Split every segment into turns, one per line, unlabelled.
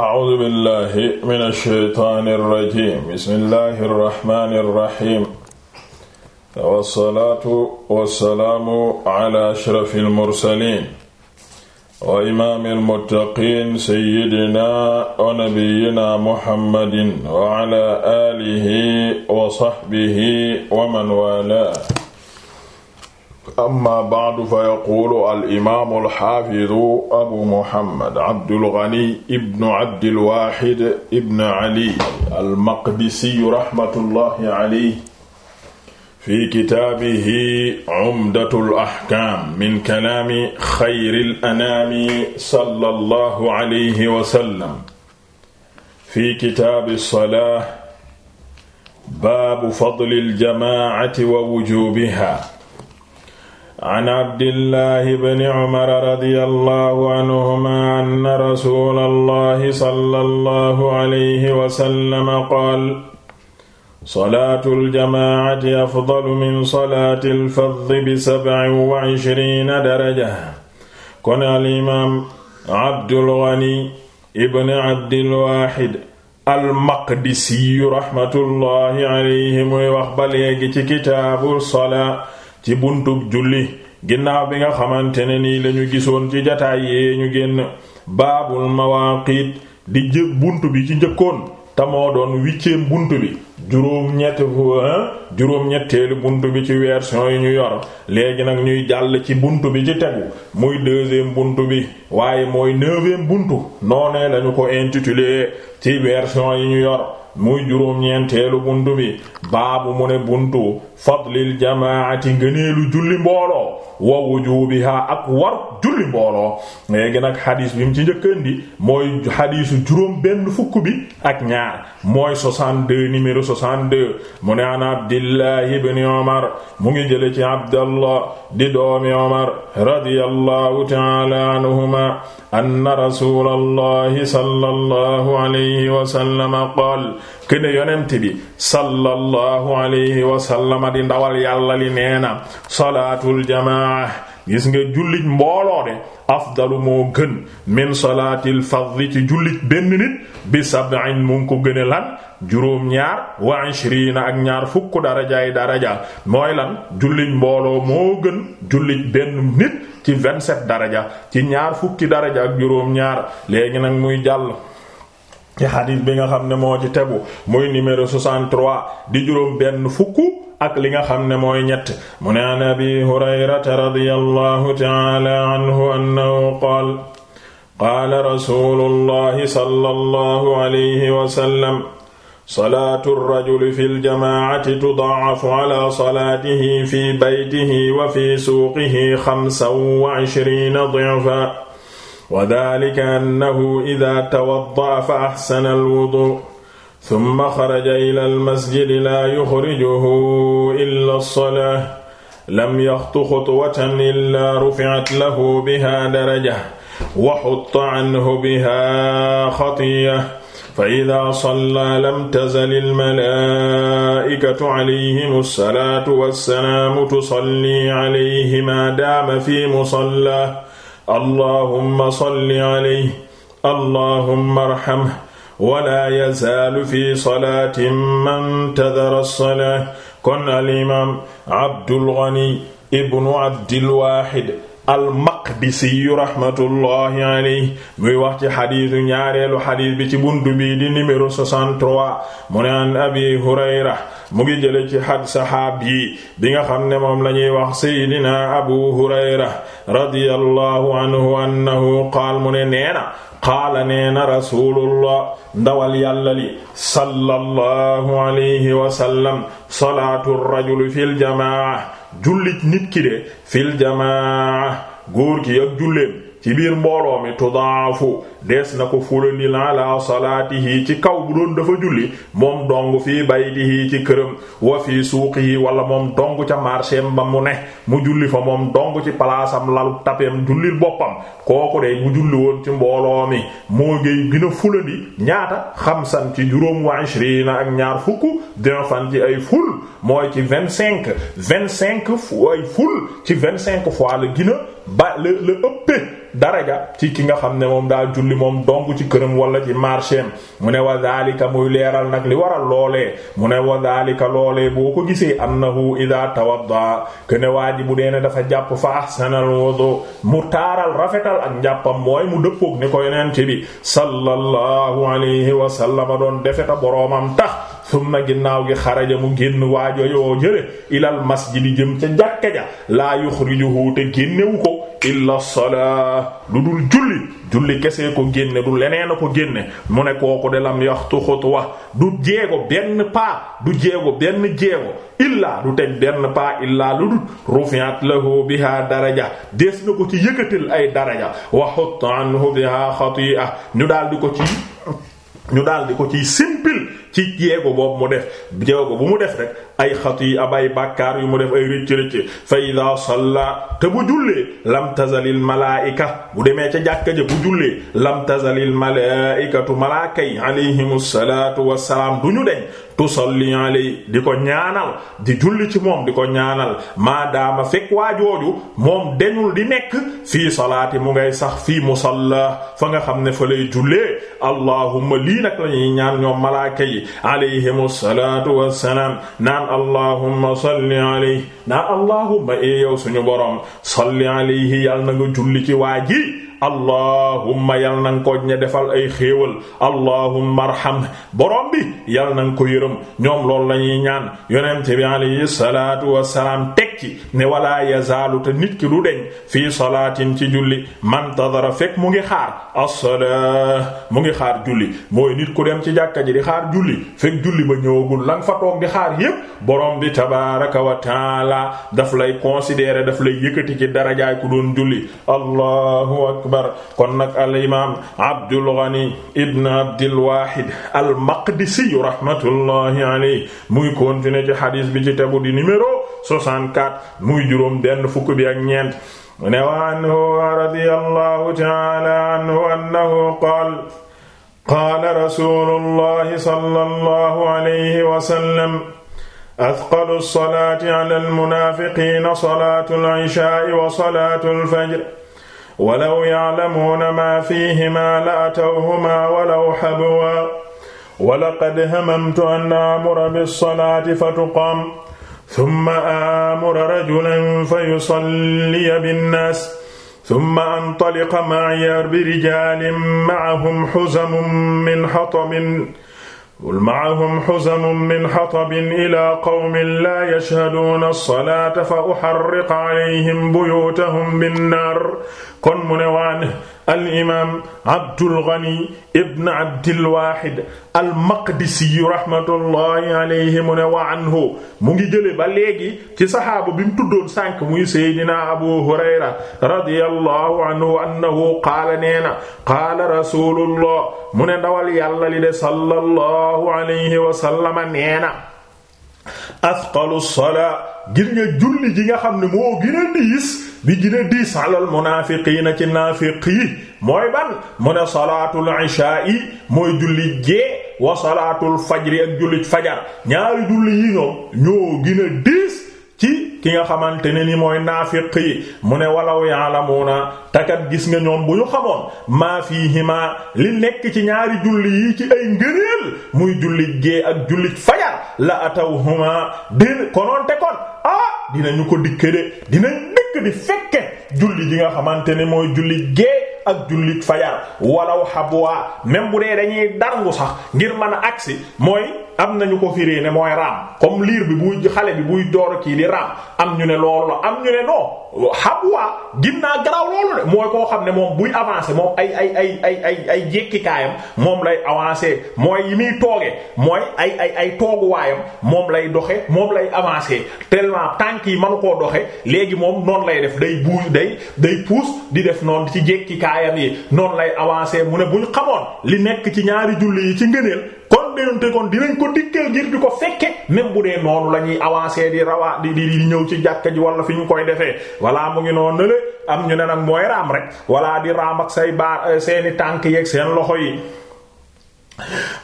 A'uuzu billaahi mina shaytaani rajiim bismillaahi rahmaani rahiim wassalaatu wassalaamu alaa ashrafil mursaliin wa imaamil muttaqiin sayyidinaa wa nabiyyinaa Muhammadin wa alaa aalihi wa sahbihi wa man waalaahu amma ba'du fa yaquulu al imaamu al xaafidu abu muhammad abdul ghani ibn abdil waahid ibn ali al maqdisi rahmatullahi alayhi fi kitaabihi umdatul ahkaam min kalaami xayril anaami sallallahu alayhi wa sallam fi kitaabi salaah baabu fadlil jamaa'ati wa wujuubihaa an abdillahi bni umara radiyallahu anhuma anna rasulallahi sallallahu alayhi wasallam qaal salaatul jamaacati afdalu min salaatil faddi bi sab'in wa ishriina daraja kon alimaam abdul ghani ibn abdil waahid almaqdisiyu rahmatullahi alayhi muy wax ba léegi ci kitaabu salaa ci buntu julli ginnaaw bi nga xamante ne nii lañu gisoon ci jataay yee ñu génn baabul mawaaqiit di jë bunt bi ci njëkkoon te moo doon huitième bunt bi juróom ñetteelu bunt bi ci version yi ñu yor léegi nag ñuy jàll ci bunt bi ci tegu muy deuxième bunt bi waaye mooy neuvième buntu noonee lañu ko intitulé ci version yi ñu yor muy juróom ñeenteelu bunt bi baabu mu ne buntu fadlil jamaati ngëneelu julli mbooloo wa wujubiha ak war julli mbooloo léegi nag xadiis bi mu ci njëkkandi mooy xadiisu juróom benn fukk bi ak ñaar mooy 62 numéro 62 mu ne an abdillahi ibni omar mu ngi jële ci abdallah di doomi omar radiyallahu taala anhuma anna rasulallahi sallallahu alayhi wa sallam qaal kene yonent bi sallallahu alayhi wa ma di ndawal yàlla li nee na salaatul jamaa gis nga jullit mbooloo de afdalu moo gën min salaatil fadli ci jullit benn nit bi sab'in mu ngi ko gëne lan juróom ñaar wa ishrina ak ñaar fukk darajaay jullit mbooloo moo gën jullit benn nit ci vingt-sept daraja ci ñaar fukki daraja ak juróom ñaar léegi nag muy jàll ci xadiis bi nga xam ne moo ci tegu muy numéro di juróom benn fukk ak li nga xam ne mooy ñett mu ne an abi hurayrata radiyallahu ta'ala anhu annahu qaala qaala rasulullahi sallallahu alayhi wa sallam salaatu rajuli fil jamaacati tudaacafu ala salaatihi fi baytihi wa fi suuqihi xamsan wa cishriina dicfan wa daalika annahu idaa tawadda'a fa axsana alwuduu' summa xaraja ila almasjidi laa yuxrijuhu illa alsolaa lam yaxtu xutwatan illaa ruficat lahu biha daraja wa xutta canhu biha xatiya fa ida sollaa lam tazal almalaa'ikatu calayhim alsalaatu wassalaamu tusolli calayhi maa daama fi musallaa allahumma solli calayhi allahumma arhamhu wala yazaalu fi salaatin man tadara as-salaah kon al imaam Abdul Ghani ibnu Abdil Waahid al-Maqdisi rahmatullahi alayhi muy wax ci xadiisu ñaareelu xadiis bi ci buntu bi di numéro 63 mu ne an Abi Hurayra mu ngi jële ci xad saxaab yi bi nga xam ne moom la ñuy wax Seydina Abu Hurayra radiyallahu anhu annahu qaal mu ne neena qaala neena rasulullah ndawal yàlla li sallallahu alayhi wa sallam salaatu rajuli fil jamaa jullit nit ki de fil góor ki ak julleem ci biir mbooloo mi tudaafu des na ko la ala salaatihi ci kaw bu doon dafa julli moom dong fii baytihi ci këram wa fii yi wala moom dong ca marchéem ba mu ne mu julli fa moom dong ci palaasam lalu tapeem jullil boppam kooku de mu julli woon ci mbooloo mi moo ngay gën a fulandi ñaata xamsan ci juróom wa ishrina ak ñaar fukk dina ci ay ful mooy ci vingt cinq vingt cinq ay ful ci vingt cinq fois la gën ba la la ëppe daraja ci ki nga xam ne moom daal julli julli moom dong ci këram wala ci marché mu ne wa daalika muy leeral nag li waral loole mu ne wa daalika loolee boo ko gisee annahu idaa tawadda kene waa ji bu dee ne dafa jàpp fa ahsanal wudu mu taaral rafetal ak njàppam mooy mu dëppook ni ko yonent bi sallallahu alayhi wa sallama doon defeta boroomam tax summa ginnaaw gi xaraja mu génn waajo yoo jële ilal masjidi jëm ca jàkka ja laa yuxrijuhu te génnewu ko illa salaa lu dul julli julli kese ko génne du leneen a ko génne mu ne kooku de lam yaxtu xutwa du jeego benn paa du jeego benn jeego illaa du teg benn paa illaa lu dul rufi'at lahu biha daraja des na ko ci yëkkatal ay daraja wa xot anhu biha xati'a ñu daal di ko ñu daal di ko ciy simpil ci jeego boobu mu def jeego bu mu def rek ay xat yi ab ay bàkkaar yu mu def ay rëcc rëcc fa ida salla te bu jullee lam tazalil malaika bu demee ca jàkka ja bu jullee lam tazalil malaikatu malaaka yi alayhim salaatu wassalaam duñu deñ tusalli alay di ko ñaanal di julli ci moom di ko ñaanal maadaama fekk waa jooju moom deñul di nekk fii salaati mu ngay sax fii musalla fa nga xam ne fa lay jullee allahumma lii nag lañuy ñaan ñoom malaaka yi alayhim salaatu wassalaam naan allahumma salli alayhi naan allahumma ee eh yow suñu boroom salli alayhi yal na nga julli ci waa ji allahumma yal na nga ko ña defal ay xéewal allahumma arham borom bi yal na nga ko yërëm ñoom loolu la ñuy ñaan yonent bi alayhi salaatu tekki ne walaa yazaalu te nit ki du deñ fii salaatin ci julli mantadara fekk mu ngi xaar as mu ngi xaar julli mooy nit dem ci jàkka ji di xaar julli fekk julli ba ñëwagul la nga fa toog di xaar yépp bi tabaaraka wa taala daf lay considérer daf lay yëkkati ci darajaay ku doon julli allahu akbar kon al imaam Abdul Ghani ibn Abdil Wahid al Maqdisi rahmatullahi alayhi muy continuer ci hadith bi ci tegu di numéro 64 at muy juróom benn fukk bi ak ñeent ne wa anhu radiyallahu ta'ala anhu annahu qaala qaala rasuulullahi sallallahu alayhi wa sallam asqalu salaati ala almunaafiqiina salaatu al-ishaa'i wa salaatu al-fajri walaw ya'lamuuna maa fiihimaa la atawhumaa walaw habwan wa laqad hamamtu an a'mura bis-salaati fatuqaam summa aamura rajulan fa yusalliya binnaas summa antaliqa ma'a bi rijaalin ma'ahum huzamun min hatabin ma'ahum huzamun min hatabin ilaa qawmin laa yashhaduuna as-salaata fa uharriqa alayhim buyuutahum binnaar kon mu ne waane al imaam Abdul Ghani ibn Abdil Wahid al Maqdisi rahmatullahi mu wa anhu mu ngi jëlee ba léegi ci saxaaba bi mu tuddoon sànq muy Seydina Abu Hurayra radiyallahu anhu annahu qaala neena qaala rasulullah mu ne ndawal yàlla li de sallallahu alayhi wa neena. asqalu salaa gis nga julli ji nga xam ne moo gën a diis bi gën a diis alal munaafiqiina ci naafiq yi mooy ban mu ne salaatul ishaa'i mooy julli gee wa salaatul fajri ak julli fajar ñaari julli yi ñoom ñoo gën a diis ci ki nga xamante ne ni mooy naafiq yi mu ne walaw ya'lamuna takat gis nga ñoom bu ñu xamoon maa fiihima li nekk ci ñaari julli yi ci ay ngëneel muy julli géey ak julli fajar la atawhuma din konoonte kon ah dinañu ko dikke de dinañ dikk di fekke julli ji nga xamante ne mooy julli gee ak jullit fajar walaw habwa même bu dee dañuy darngu sax ngir mën a agsi mooy am nañu ko firee ne mooy raam comme liir bi buy xale bi buy door kii di raam am ñu ne loolu la am ñu ne non habwa naa garaaw loolu de mooy koo xam ne moom buy avancer moom ay ay ay ay ay ay jékkikaayam moom lay avancer mooy yi muy toogee mooy ay ay ay tooguwaayam moom lay doxe moom lay avancer tellement tànk yi manu koo doxe léegi moom noonu lay def day buus day day puus di def noonu ci jékkikaay aayam yi noonu lay avancé mu ne bu ñu xamoon li nekk ci ñaari julli yi ci ngëneel kon déonte kon dinañ ko dikkal ngir di ko fekke ne bu dee noonu la ñuy avancer di rawaa di di ñëw ci jàkka ji walla fi ñu koy defee wala mu ngi noonu na lé am ñu ne mooy raam rek wala di raam ak say baar eh, seeni tànk yeeg seen loxo yi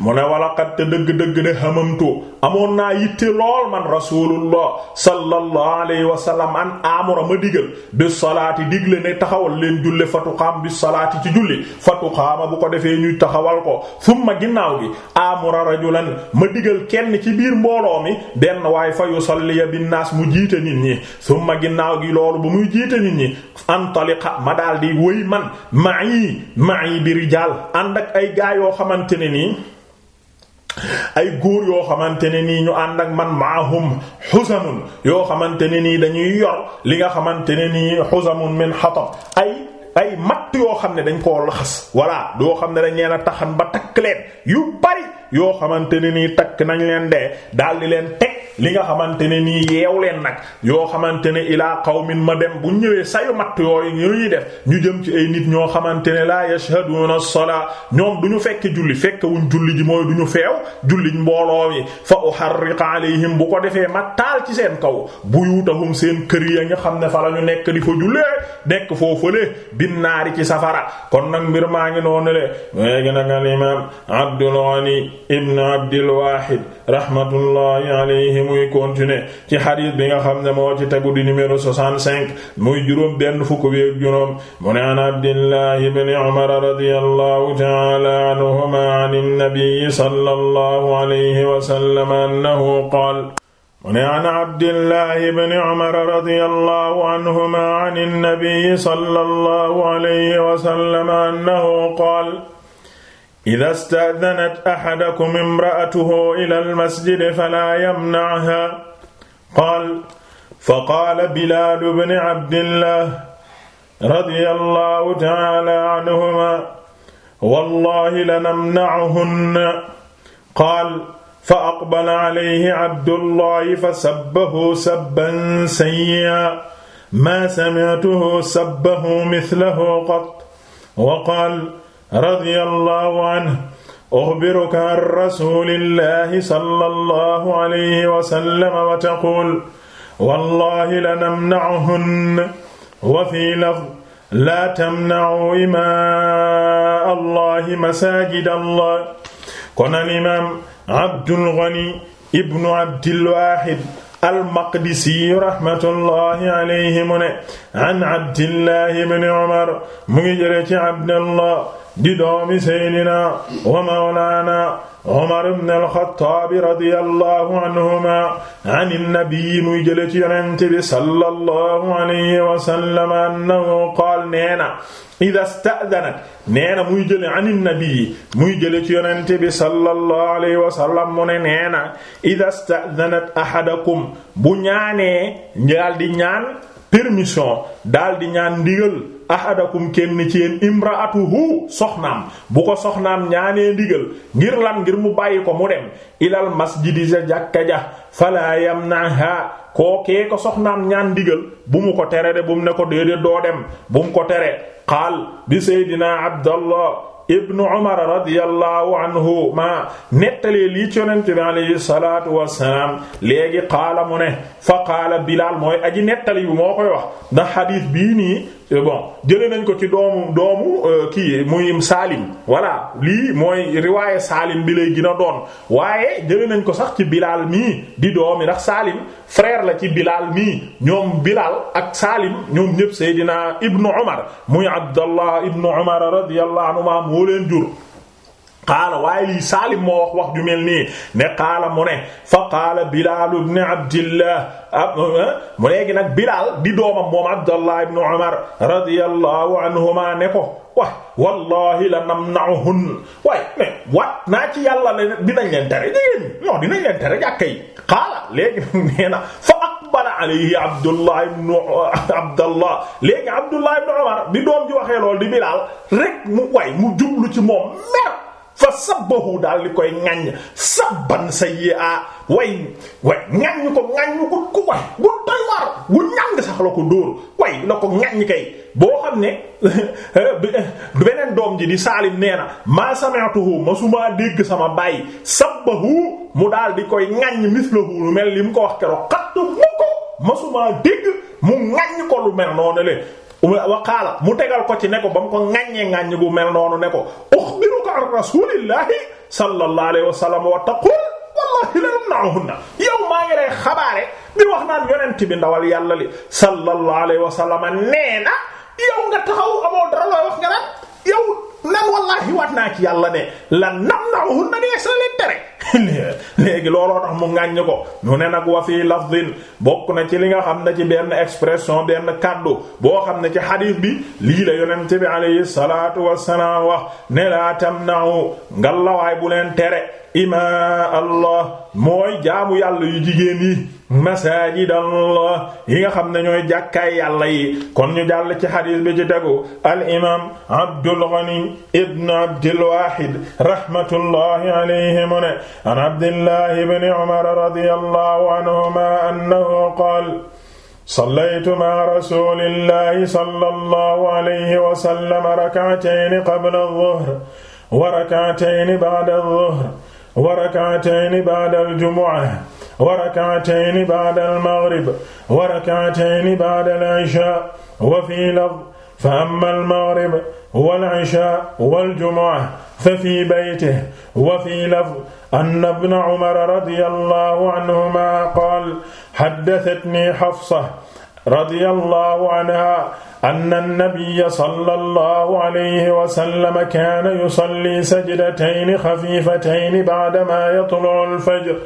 mu ne walaqad te dëgg-dëgg de hamamtu amoon naa yitte lool man rasulullah sallallahu alayhi wa sallam an amura ma digal bi salaati digle ne taxawal leen julle fatuqaam bi salaati ci julli fatuqaama bu ko defee ñuy taxawal ko summa ginnaaw gi amura rajulan ma digal kenn ci biir mbooloo mi benn waaye fa yusalliya binnaas mu jiite nit ñi summa ginnaaw gi loolu bu muy jiite nit ñi antaliqa ma daal di wëy man ma'i i bi rijaal ànd ak ay gaa xamante ne nii ay góor yoo xamante ne nii ñu ànd ak man maahum xusamun yoo xamante ne nii dañuy yor li nga xamante ne nii xusamun min xatab ay ay matt yoo xam ne dañ koo laxas voilà doo xam ne dañ leen a taxan ba takk leen yu bari yoo xamante ne nii takk nañ leen de daldi leen teg li nga xamante ne nii yeew leen nag yoo xamante ne ilaa qawmin ma dem bu ñëwee sayu matt yooyu ñuy def ñu jëm ci ay nit ñoo xamante ne laa yashhaduna as-salaa ñoom du ñu fekk julli fekk wuñ julli ji mooy du ñu feew julliñ mbooloo yi fa uharriqa alayhim bu ko defee ma taal ci seen kaw bu buyutahum seen kër ya nga xam ne fa la ñu nekk di fa jullee nekk foofale binnaari ci safara kon nag mbir maa ngi noonu le léegi nag al imam Abdul Ghani ibn Abdul muy continuer ci xadis bi nga xam ne moo ci tegu di numéro 65 muy juróom benn fukk bi ak juróom mu ne an Abdillah ibn Umar radiyallahu ta'ala anhuma an an-nabi sallallahu alayhi wa sallam annahu qaala mu ne an abdillahi bni umar radiyallahu anhuma an an-nabi sallallahu alayhi wa sallam annahu qaala ida staadanat axadakum imraatuhu ila almasjidi fala yamnacha qaal fa qaala bilaalu bni abdillah radia allahu taala anhuma wallahi lanamnachunna qaal fa aqbala alayhi abdullahi fa sabbahu sabban sayyi'an maa sami'tuhu sabbahu mithlahu qat wa qaal radiyallahu anhu uxbiruka an rasulillahi sallallahu alayhi wa sallam wa taqul wallahi lanamna'uhunna wa fi lafz laa tamna'u imaa allahi masaajid allah kon al imaam Abdul Ghani ibnu Abdil Waahid al-Maqdisi rahmatullahi alayhi mu ne an Abdillahi ibn Umar mu ngi jëlee ci Abdallah di doomi seydina wa mawlaana Umar ibn al-Khattab radiyallahu anhuma an nabi muy jële ci yonent bi sallallahu alayhi wa sallam annahu qaal neena ida sta'danat neena muy jële an nabi muy jële ci yonent bi sallallahu alayhi wa sallam mu ne neena ida sta'danat ahadakum bu ñaanee daal di ñaan permission daal di ñaan ndigal ahadakum kenn ci yéen imraatuhu soxnaam bu ko soxnaam ñaanee ndigal ngir lan ngir mu bàyyi ko mu dem ilal masjidi sa jàkka ja fala yamnaha kookee ko soxnaam ñaan digal bu mu ko tere de bu mu ne ko déedéet doo dem bu mu ko tere xaal bi seydina abdallah ibnu umar radiyallahu anhu ma nettalee lii ci yonente bi alayhi mu ne fa qaala bilaal mooy aji nettali bi moo koy wax ndax xadiis bii nii Euh, bon jëlee nañ ko ci doomu doomu euh, kii muy saalim voilà lii mooy riwaaye Salim bi lay gën a doon waaye jëlee nañ ko sax ci Bilal mii di doomi ndax Salim frère la ci Bilal mi ñoom Bilal ak Salim ñoom ñëpp Seydina Ibnu Umar muy Abdallah Ibnu Umar radiyallahu anhuma moo leen jur. qaala waaye lii Saalim moo wax wax ju mel nii ne qaala mu ne fa qaala Bilaal ibn Abdillah eh, mu léegi nag Bilaal di doomam moom Abdallah ibn Umar radiyallahu anhuma ne ko waay wallahi la namna'uhun waay mais waat naa ci yàlla la dinañ leen tere jigéen ñoo dinañ leen tere jàkka yi qaala léegi nee na fa aqbala alayhi Abdullah ibn eh, Abdallah léegi Abdullah ibn Umar di doom ji waxee lool di Bilaal rek mu waay mu jublu ci moom mer fa sabbahu daal di koy ŋaññ sabban sayyi'a way way ŋaññ ko ŋaññ ko ku way bu doy waar bu ñàng sax la ko dóor way la ko ŋaññ kay boo xam ne beneen doom ji di Saalim nee na maa sami'tuhu masumaa dégg sama baay sabbahu mu daal di koy ŋaññ mislahu lu mel li mu ko wax keroog xattu mu ko masumaa dégg mu ŋaññ ko lu mel noonu le Um, waqaala mu tegal ko ci ne ko ba mu ko ŋaññee ŋaññ gu mel noonu ne ko ukhbiruka an rasulillahi sallallahu wa sallam wa taqul wallahi la namna'uhunna yow maa ngi xabaare di wax naan yonent bi ndawal yàlla li sallallahu wa sallam nee na yow nga taxaw amoo dara looy wax nga naan yow nan wallahi waat naa ci yàlla ne la namna'uhunna dees na leen tere léegi looloo tax mu ko mu ne nag wa fii lafdin bokk na ci li nga xam ne ci benn expression benn kaddu boo xam ne ci xadiis bi lii la yonent bi alayhi salaatu wassalaam wax ne laa tamna'u ngallawaay bu leen tere ima allah mooy jaamu yàlla yu jigéen yi masajidallah yi nga xam ne ñooy jàkkaay yàlla yi kon ñu jàll ci xadiis bi ci tegu al imam abdul ghani ibn abdul wahid rahmatullahi alayhi mu ne an abdillahi bni umar radiyallahu anhuma annahu qaala sallaytu ma'a rasuulillahi sallallahu alayhi wa sallam rak'atayni qabla adh-dhuhr wa rak'atayni ba'da adh-dhuhr wa rak'atayni ba'da al-jumu'ah wa rak'atayni ba'da al-maghrib wa rak'atayni ba'da al-ishaa wa fii lafdh fa amma al-maghrib wal-ishaa wal-jumu'a fa fii baytihi wa fii lafdhin anna ibna Umar radiyallahu anhumaa qaala haddathatnii Hafsa radiyallahu anha anna nabiyya sallallahu alayhi wa sallam kaana yusalli sajdatayni xafiifatayni ba'damaa yatlu'u al-fajr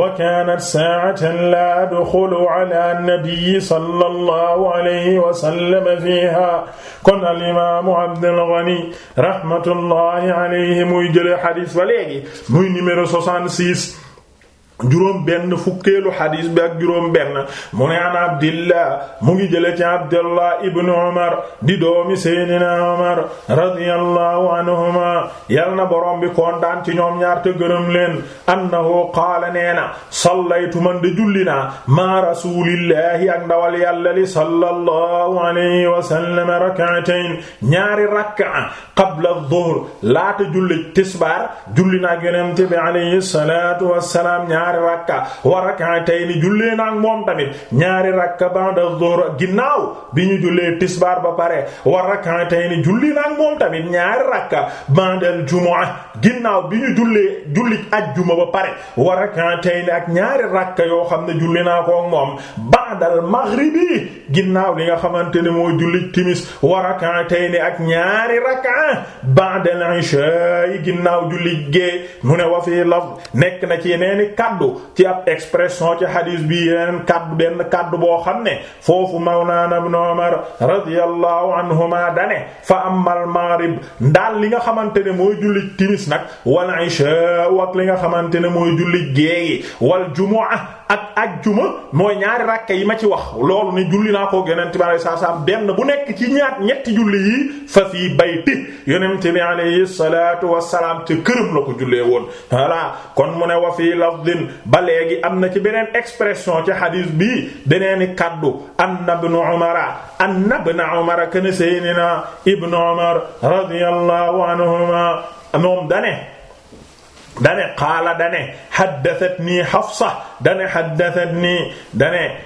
wa kaanat saa'atan laa adxulu alaa nabiyyi sallallahu alayhi wa sallam fiihaa kon al-imaamu Abdul Ghani rahmatullahi alayhi muy jële xadiis ba léegi muy numéro 66 juróom benn fukkeelu xadiis bi ak juróom benn mu ne an abdillah mu ngi jële ci abdillah ibnu umar di doomi seydina umar radiyallahu anhuma yal na borom bi kontaan ci ñoom ñaar te gërëm leen annahu qaala nee na sallaytu man de julli naa maa rasulillahi ak ndawal yàlla li sallallahu alayhi wa sallam rak'atayn ñaari rak'a qabla dhuhr laata julli tisbaar julli naa yonent bi alayhi salaatu wassalaam ñaari rakka wa rak'atayni jullee na ak moom tamit ñaari rakka ba'da dhuhr ginnaaw bi ñu jullee tisbaar ba pare wa rak'atayni julli na ak moom tamit ñaari rakka ba'dal jumu'a ginnaaw bi ñu jullee julli ajjuma ba pare wa rak'atayni ak ñaari rakka yoo xam ne julli naa ko ak moom ba'dal maghribi ginnaaw li nga xamante ne mooy julli timis wa rak'atayni ak ñaari rakka ba'dal isha ginnaaw julli gee mu ne wa fi nekk na ci yeneen kaddu ci ab expression ci hadis bi yeneen kaddu benn kaddu boo xam ne foofu mawlana ibn umar radiyallahu anhuma dane fa amal maghrib ndaal li nga xamante ne mooy julli timis nag wal isha ak li nga xamante ne mooy julli géeyi ak ajjuma mooy ñaari rakka yi ma ci wax loolu ne julli naa ko yonente bi alayhi salaam benn bu nekk ci ñaar ñetti julli yi fa fii bayti yonente bi alayhi salaatu wassalaam te këram la ko jullee woon voilà kon mu ne wa fii lafdin ba léegi am na ci beneen expression ci hadis bi beneeni kaddu anna ibn umara anna ibn umara kana sayyidina ibn umar radiyallahu anhuma moom dane dane qaala dane haddathatnii Hafsa dane haddathatnii dane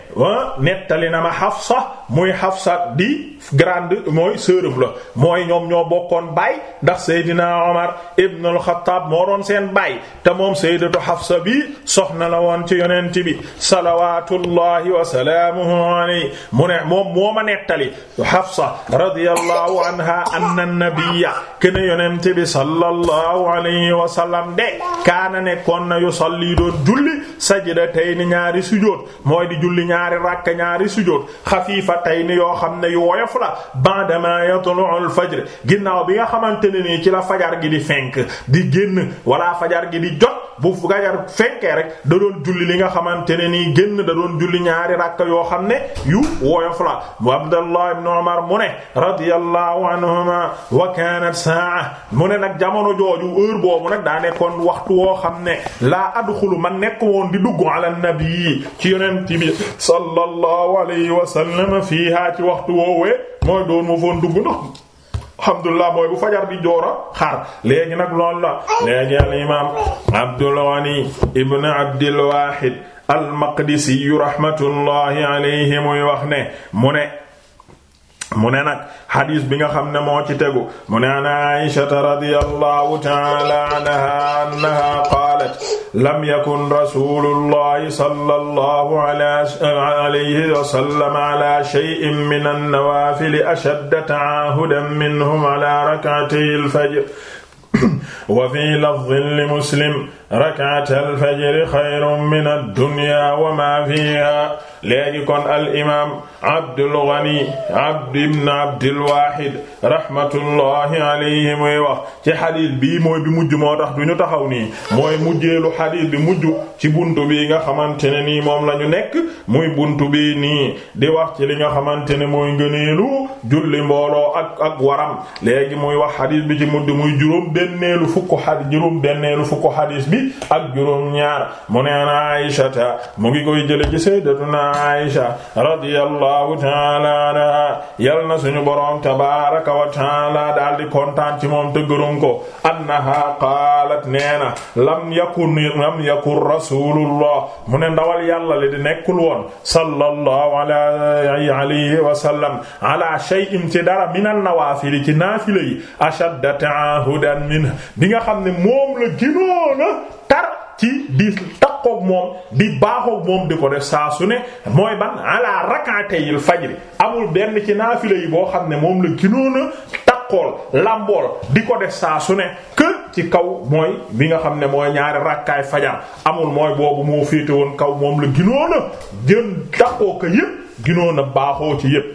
nettali na ma Hafsa muy Hafsa di grande mooy sërëm la mooy ñoom ñoo bokkoon baay ndax Seydina Omar ibn al-Khattab moo doon seen baay te moom Sayyidatu Hafsa bi soxna la woon ci yonent bi salawaatullahi wa salaamuhu alayhi mu ne moom moo ma nettali Hafsa radiyallahu anha anna nabiyya kana yonent bi sallallahu alayhi wa de kaana nekkoon na yusalli doon julli sajdatayni ñaari sujood mooy di julli ñaari rakka ñaari sujood xafiifa xafifatayni yoo xam ne yu woyof la ba'dama yatlu al-fajr ginnaaw bi nga xamante ne nii ci la fajar gi di fenk di génn wala fajar gi di jot bu fajar fekkee rek da doon julli li nga xamante ne nii génn da doon julli ñaari rakk yoo xam ne yu woyof la bu Abdallah ibn Umar mu ne anhuma wa kanat saa mu ne nag jamono jooju heure boobu nag daa nekkoon waxtu woo xam ne laa adxulu man nekk woon di dugg ala nabi ci yonent bi sallallahu alayhi wa sallam fiiha ci waxtu woowee mooy doon mu foon dugg ndox alhamdulilah mooy bu fajar di joora xar léegi nag loolu la léegi al imaam Abdul Ghani ibn Abdil Wahid al Maqdisi rahmatullahi alayhi muy wax ne mu ne mu ne nag xadiis bi nga xam ne moo ci tegu mu ne an Aysata radiyallahu ta'ala anha qaalat lam yakun rasulullahi sallallahu alayhi wa sallam ala shay'in min an-nawaafil ashadda ta'aahudan minhum ala rak'atay al-fajr wa fi lafdin li muslim rakaat alfajri xayrun min ad-dunya wa ma fiha léegi kon al imaam Abdul Ghani Abd ibn Abdul Wahid rahmatullahi alayhi muy wax ci xadis bii mooy bi mujj moo tax du ñu taxaw nii mooy mujjeelu xadis bi mujj ci buntu bii nga xamante ne nii moom lañu nekk muy buntu bi nii di wax ci li nga xamante ne mooy ngëneelu julli mbooloo ak ak waram léegi muy wax xadis bi ci mujj muy juróom juróom-benneelu fukk xadis juróom-benneelu fukk xadis bi ak juróom-ñaar mu ne na Aysata mu ngi koy jële ci sayyidatuna Aysa radiyallahu ta'ala anha yal na suñu boroom tabaaraka wa ta'ala daal di kontaan ci moom te gërëm ko annaha qaalat neena lam yakun lam yakun rasulullah mu ne ndawal yàlla le di nekkul woon sallallahu alayhi wa sallam ala shay'in ci dara min an-nawaafil ci naafila yi ashadda ta'ahudan min bi nga xam ne moom la ginoona tar ci di takkoog moom di baaxoog moom di ko def saa su ne mooy ban ala rak'atayil fajri amul benn ci naafila yi boo xam ne moom la ginoona xool lambool di ko def saa su ne kër ci kaw mooy bi nga xam ne mooy ñaari rakkaay fajar amul mooy boobu moo féete woon kaw moom la ginoona jën taxoo ko yépp ginoona baaxoo ci yépp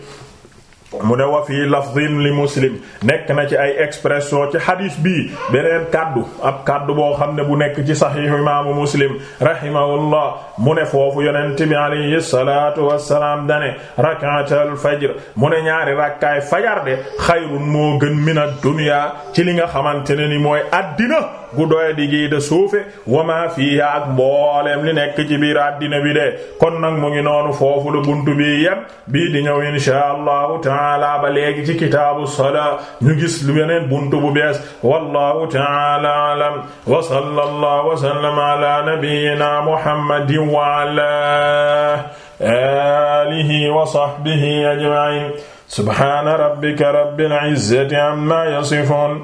mu ne wa fii lafdin li muslim nekk na ci ay expression ci hadis bii beneen kàddu ab kàddu boo xam ne bu nekk ci saxiixu imaamu muslim rahimahullah mu ne foofu yonent bi alayhi salaatu wassalaam dane rakaatal fajr mu ne ñaari rakkaay fajar de xayrun moo gën mina dunya ci li nga xamante ne ni mooy addina gu doye di gii da suufe wa ma fiha ak mbooleem li nekk ci biir àddina bi de kon nag mu ngi noonu foofu la buntu bi yem bii di ñëw inshaa allahu taala ba léegi ci kitaabu salaa ñu gis lu yeneen buntu bu bees wallahu taala alam wa sallallahu wa sallama ala nabiyyina muhammadin wa ala alihi wa sahbihi ajma'in subhana rabbika rabbil izzati amma yasifun